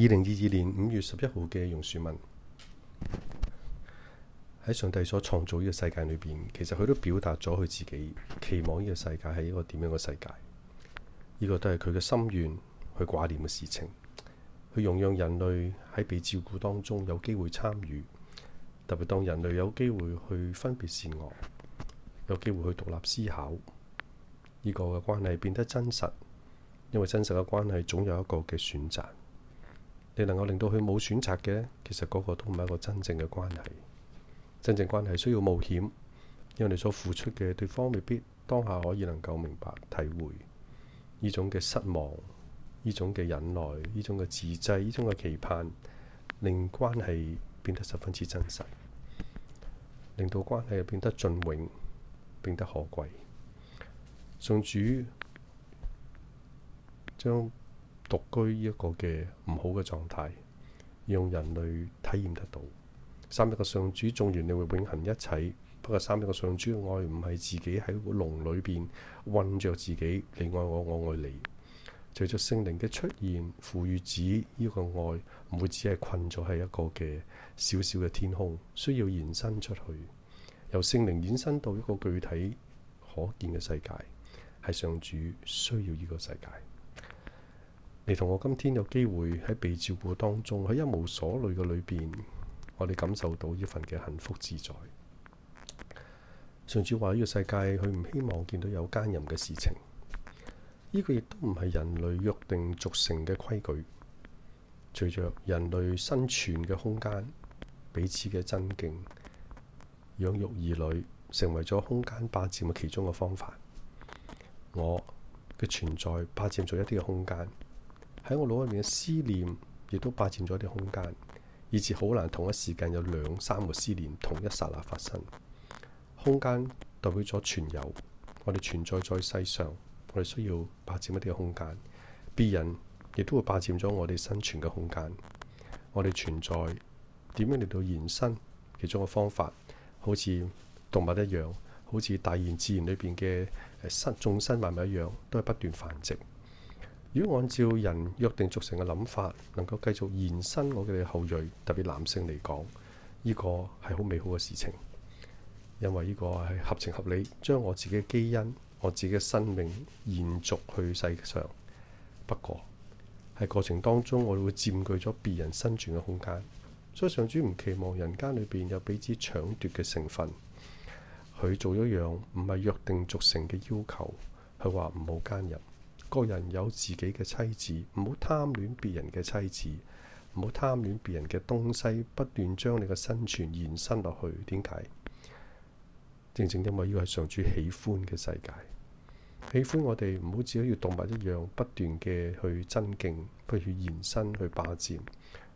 二零二二年五月十一號嘅榕樹文，喺上帝所創造呢個世界裏邊，其實佢都表達咗佢自己期望呢個世界係一個點樣嘅世界？呢、這個都係佢嘅心願，去掛念嘅事情。去容讓人類喺被照顧當中有機會參與，特別當人類有機會去分別善惡，有機會去獨立思考，呢、這個嘅關係變得真實。因為真實嘅關係總有一個嘅選擇。你能夠令到佢冇選擇嘅，其實嗰個都唔係一個真正嘅關係。真正關係需要冒險，因為你所付出嘅對方未必當下可以能夠明白體會呢種嘅失望，呢種嘅忍耐，呢種嘅自制，呢種嘅期盼，令關係變得十分之真實，令到關係又變得盡永，變得可貴。信主將。獨居呢一個嘅唔好嘅狀態，讓人類體驗得到。三一個上主縱然，你會永恆一切。不過三一個上主愛唔係自己喺個籠裏邊困著自己，你愛我，我愛你。隨著聖靈嘅出現，父與子呢個愛唔會只係困咗喺一個嘅小小嘅天空，需要延伸出去，由聖靈延伸到一個具體可見嘅世界，係上主需要呢個世界。你同我今天有機會喺被照顧當中，喺一無所累嘅裏邊，我哋感受到呢份嘅幸福自在。上次話呢個世界，佢唔希望見到有奸淫嘅事情。呢個亦都唔係人類約定俗成嘅規矩。隨着人類生存嘅空間，彼此嘅爭競，養育兒女成為咗空間霸佔嘅其中嘅方法。我嘅存在霸佔咗一啲嘅空間。喺我腦裏面嘅思念，亦都霸佔咗啲空間，以至好難同一時間有兩三個思念同一剎那發生。空間代表咗存有，我哋存在在世上，我哋需要霸佔一啲空間。別人亦都會霸佔咗我哋生存嘅空間。我哋存在點樣嚟到延伸？其中一個方法，好似動物一樣，好似大然自然裏邊嘅生眾生萬物一樣，都係不斷繁殖。如果按照人約定俗成嘅諗法，能夠繼續延伸我嘅後裔，特別男性嚟講，呢個係好美好嘅事情，因為呢個係合情合理，將我自己嘅基因、我自己嘅生命延續去世上。不過喺過程當中，我哋會佔據咗別人生存嘅空間，所以上主唔期望人間裏邊有彼此搶奪嘅成分。佢做咗一樣唔係約定俗成嘅要求，佢話唔好奸淫。個人有自己嘅妻子，唔好貪戀別人嘅妻子，唔好貪戀別人嘅東西，不斷將你嘅生存延伸落去。點解？正正因為呢個係上主喜歡嘅世界，喜歡我哋唔好只可以動物一樣，不斷嘅去爭競，不如延伸去霸佔，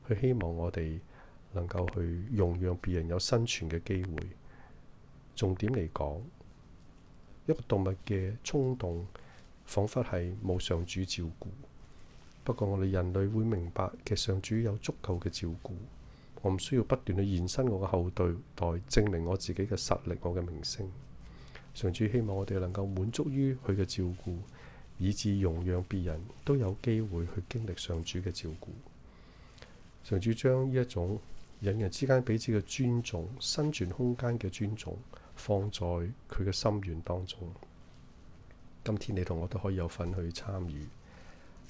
去希望我哋能夠去容讓別人有生存嘅機會。重點嚟講，一個動物嘅衝動。仿佛係冇上主照顧，不過我哋人類會明白，其實上主有足夠嘅照顧，我唔需要不斷去延伸我嘅後代，代證明我自己嘅實力、我嘅名聲。上主希望我哋能夠滿足於佢嘅照顧，以致容讓別人都有機會去經歷上主嘅照顧。上主將呢一種人人之間彼此嘅尊重、生存空間嘅尊重，放在佢嘅心願當中。今天你同我都可以有份去參與，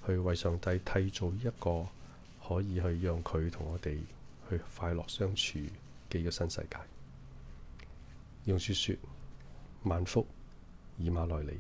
去為上帝締造一個可以去讓佢同我哋去快樂相處嘅一個新世界。用説説萬福以馬內利。